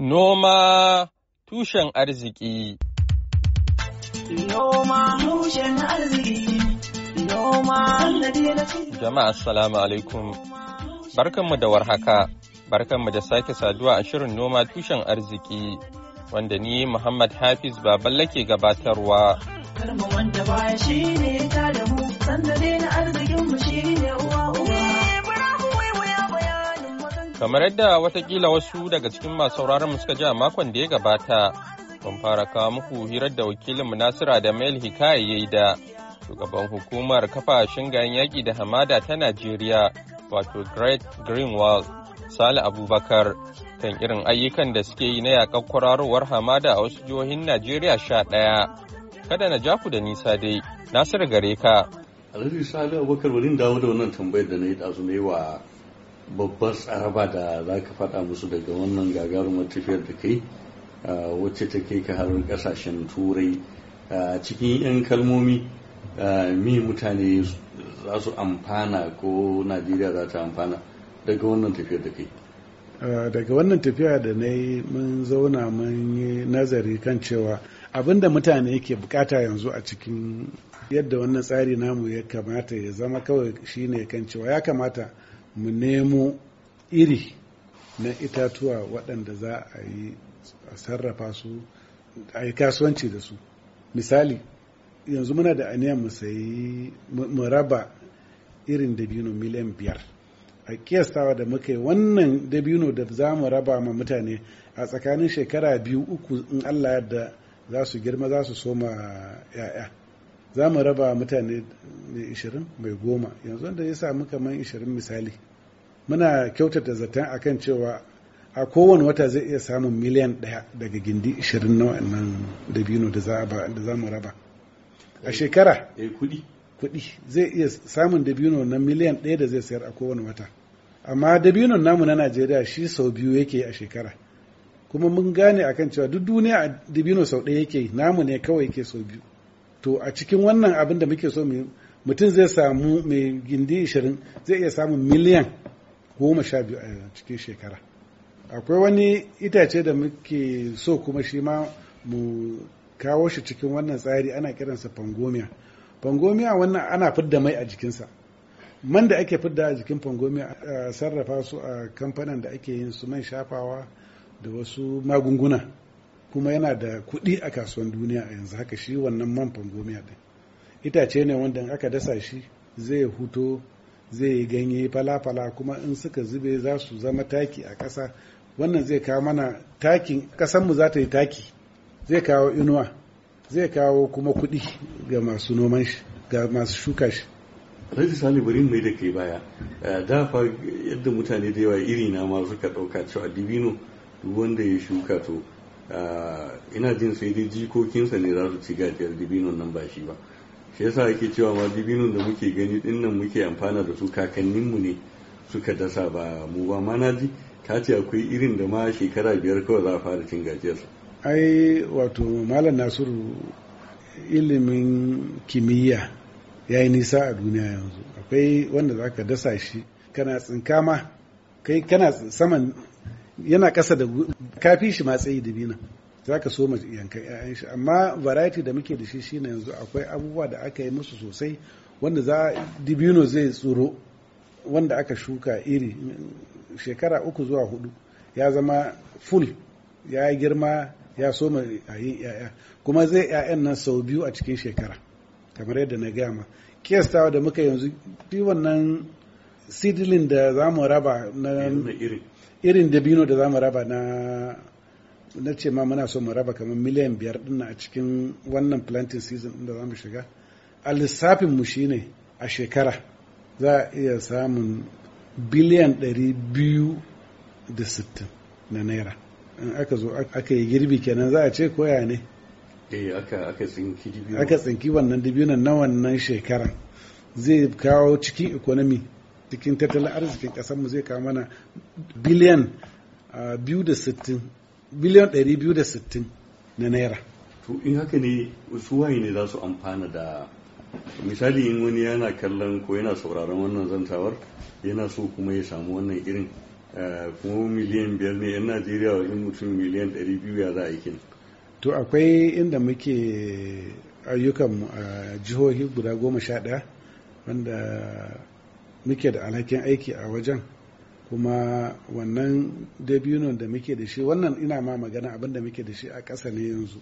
Noma tushen arziki Noma Jama'a salamu alaikum Barkanmu da warhaka Barkanmu da sake saduwa a shirin noma tushen arziki wanda ni Muhammad Hafiz baban ke gabatarwa Karma wanda baya shi ne ta da mu sanda na arzikinmu shi ne uwa Kamar yadda watakila wasu daga cikin masu sauraron suka ji a makon da ya gabata, mun fara kawo muku hirar da wakilin Nasira da Mail Hikaye ya da shugaban hukumar kafa shingayen yaki da hamada ta Najeriya, wato Great wall Sale Abubakar, kan irin ayyukan da suke yi na yaƙar kwararowar hamada a wasu jihohin Najeriya sha ɗaya. Kada na ja ku da nisa dai, Nasiru gare ka. Alhaji Sale Abubakar bari dawo da wannan tambayar da na yi ɗazu na yi wa babbar tsaraba da za ka faɗa musu daga wannan gagarumar tafiyar da kai wacce ta kai ka har ƙasashen turai cikin 'yan kalmomi mi mutane za su amfana ko najeriya za ta amfana daga wannan tafiyar da kai daga wannan tafiya da na yi mun zauna mun yi nazari kan cewa abinda mutane yake bukata yanzu a cikin yadda wannan tsari namu ya kamata ya zama kawai shine kan cewa ya kamata mu nemo iri na itatuwa waɗanda za a yi a sarrafa su a yi kasuwanci da su misali yanzu muna da aniyar mu sayi mu raba irin dabino miliyan biyar a kiyastawa da muka yi wannan dabino da za mu raba ma mutane a tsakanin shekara biyu uku in allah yadda za su girma za su soma ya'ya za mu raba mutane mai ishirin mai goma yanzu da ya samu kamar ishirin misali muna kyautata zaton akan cewa a kowane wata zai iya samun miliyan ɗaya daga gindi 20 na wannan dabino da za mu raba a eh, shekara eh, kuɗi kuɗi zai iya samun dabino na miliyan ɗaya da zai sayar a kowane wata amma dabino namu na najeriya shi sau biyu yake a shekara kuma mun gane akan cewa duk duniya a dabino sau ɗaya yake namu ne kawai yake sau biyu to a cikin wannan abin da muke so mutum zai samu mai gindi 20 zai iya samun miliyan goma sha biyu a cikin shekara akwai wani itace da muke so kuma shi ma mu kawo shi cikin wannan tsari ana kiransa pangomia pangomia wannan ana fidda mai a jikinsa man da ake fidda a jikin pangomia a sarrafa su a kamfanin da ake yin su man shafawa da wasu magunguna kuma yana da kuɗi a kasuwan duniya a yanzu haka shi wannan man pangomia din itace ne wanda aka dasa shi zai huto zai yi ganye fala-fala kuma in suka zube za su zama taki a ƙasa wannan zai kawo mana takin ƙasanmu za ta yi taki zai kawo inuwa zai kawo kuma kuɗi ga masu noman shi ga masu shuka shi Raji Sani bari mai da kai baya eh, da fa yadda mutane da yawa iri na ma suka ɗauka cewa dibino duk wanda ya shuka to eh, ina jin sai dai jikokinsa ne za su ci gajiyar dibinon nan ba shi ba shi yasa ake cewa ma dibinun da muke gani dinnan muke amfana da su kakanninmu ne suka dasa ba mu ba ma naji ta ce akwai irin da ma shekara biyar kawai za a fara cin gajiyarsa ai wato malam nasiru ilimin kimiyya ya yi nisa a duniya yanzu akwai wanda za ka dasa shi kana tsinkama kai kana saman yana kasa da kafi shi matsayi dabina za ka so yankan 'ya'yan shi amma variety da muke da shi shine yanzu akwai abubuwa da aka yi musu sosai wanda za dibino zai tsoro wanda aka shuka iri shekara uku zuwa hudu ya zama full ya girma ya soma a yin 'ya'ya kuma zai 'ya'yan nan sau biyu a cikin shekara kamar yadda na gama kiyastawa da muka yanzu fi wannan seedling da za mu raba na irin dabino da za mu raba na na ce ma muna so mu raba kamar miliyan biyar dinnan a cikin wannan planting season inda za mu shiga a lissafin mu shine a shekara za a iya samun biliyan ɗari biyu da sittin na naira in aka zo aka yi girbi kenan za a ce koya ne eh, aka tsinki wannan dubinan na wannan shekara. zai kawo cikin economy cikin tattalin arzikin mu zai kawo mana biliyan ah, biyu da sittin biliyan 260 na naira to in haka ne su waye ne za su amfana da misali in wani yana kallon ko yana sauraron wannan zantawar yana so kuma ya samu wannan irin eh, kuma miliyan biyar ne yan najeriya wajen mutum miliyan 200 ya za a yi to akwai inda muke ayyukan jihohi guda goma sha ɗaya wanda muke da alhakin aiki a wajen kuma wannan dabino da muke da shi wannan ina ma magana abin da muke da shi a ƙasa ne yanzu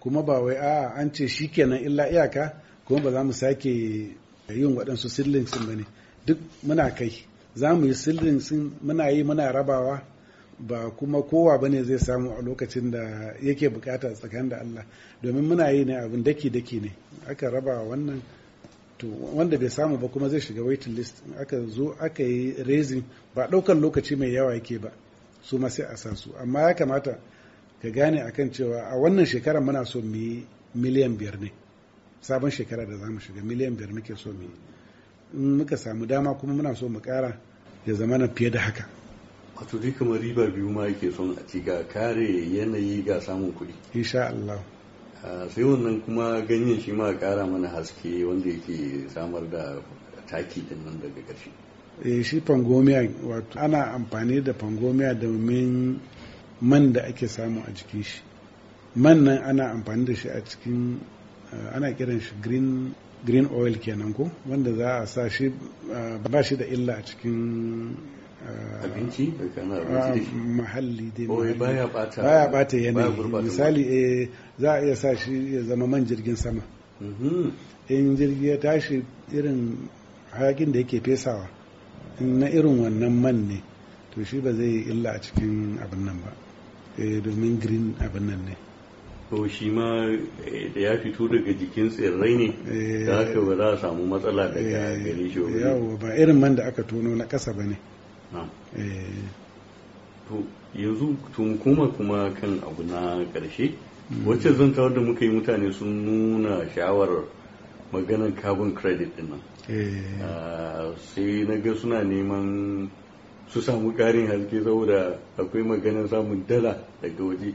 kuma ba wai a an ce shi kenan illa iyaka kuma ba za mu sake yin waɗansu sirrin sun ba ne duk muna kai za mu yi sirrin muna yi muna rabawa ba kuma kowa ba ne zai samu a lokacin da yake bukata tsakanin da Allah domin muna yi ne abin daki-daki ne aka raba wannan to wanda bai samu ba kuma zai shiga waiting list aka zo aka yi raising ba ɗaukan lokaci mai yawa yake ba su ma sai a sa su amma ya kamata ka gane akan cewa a wannan shekarar muna so mu yi miliyan biyar ne sabon shekara da za mu shiga miliyan biyar muke so mu yi in muka samu dama kuma muna so mu kara ya zama na fiye da haka wato dai kamar biyu ma yake son a ci ga kare yanayi ga samun kuɗi insha Allah Ah, sai wannan kuma ganyen shi ma kara mana haske wanda yake samar da taki din nan daga ƙarshe eh shi pangomiya wato ana amfani da pangomiya domin man da ake samu a jikin shi man nan ana amfani da shi a cikin ah, ana kiran shi green green oil kenan ko wanda za a sa shi ah, ba shi da illa a cikin Eh, abinci da da dai ba baya bata baya bata yanayi misali eh, za a iya sa shi ya zama man jirgin sama mm-hmm. in jirgi ya tashi irin hayakin da yake fesawa na irin wannan man ne to shi ba zai illa a cikin abin nan ba eh, domin green abin nan ne to shi ma da ya fito daga jikin tsirrai ne da haka ba za a samu matsala daga gare shi ba irin man da aka tono na ƙasa ba ne Eh. to yanzu tun kuma kuma kan abu na karshe hmm. wacce zan tawar da muka yi mutane sun nuna shawarar maganar carbon credit din eh. ah, sai na ga suna neman su samu karin haske saboda akwai maganar samun dala daga waje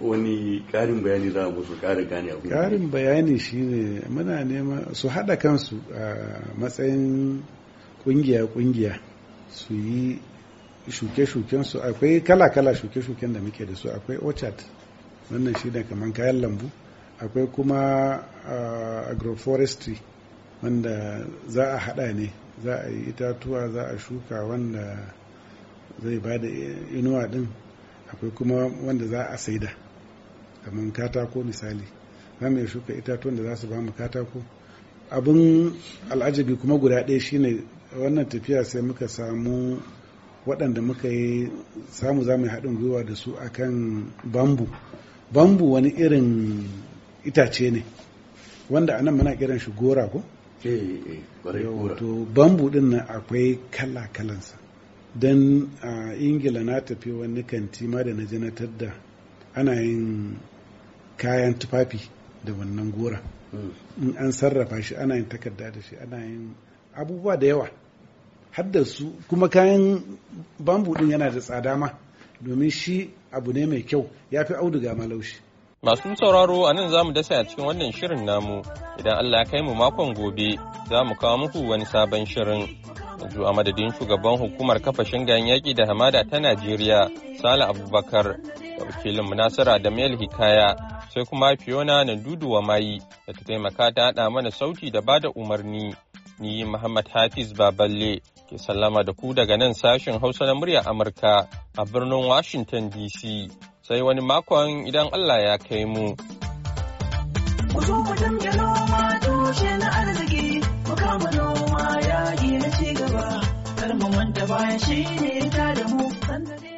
wani karin bayani za a musu kara gane abu karin bayani shine muna neman su hada kansu a matsayin kungiya-kungiya su yi shuke-shuken akwai kala-kala shuke-shuken da muke da su akwai orchard wannan shi ne kamar kayan lambu akwai kuma ah, agroforestry wanda za a hada ne za a yi itatuwa za a shuka wanda zai ba da inuwa din akwai kuma wanda za a saida kamar katako misali za mu shuka itatuwan da za su ba mu katako abin al'ajabi kuma guda ɗaya shine wannan tafiya sai muka samu waɗanda muka yi samu zamu yi haɗin gwiwa da su akan bambu bambu wani irin itace ne wanda anan muna kiran shi gora ko? Eh, eh, to bambu din nan akwai kala-kalansa don a ingila na tafi wani kanti ma da na je na tadda ana yin kayan tufafi da wannan gora hmm. in an sarrafa shi ana yin takarda da shi ana yin abubuwa da yawa haddarsu kuma kayan bambu din yana da tsada ma domin shi abu ne mai kyau ya fi auduga ga masu sauraro a nan za mu dasa a cikin wannan shirin namu idan allah kai mu makon gobe za mu kawo muku wani sabon shirin yanzu a madadin shugaban hukumar kafa shingayen yaƙi da hamada ta najeriya sale abubakar da wakilin munasara da mel hikaya sai kuma fiona na duduwa mayi da ta taimaka ta haɗa mana sauti da bada umarni ni Muhammad Hafiz Baballe ke sallama da ku daga nan sashen Hausa na muryar Amurka a birnin Washington DC. Sai wani makon idan Allah ya kai mu.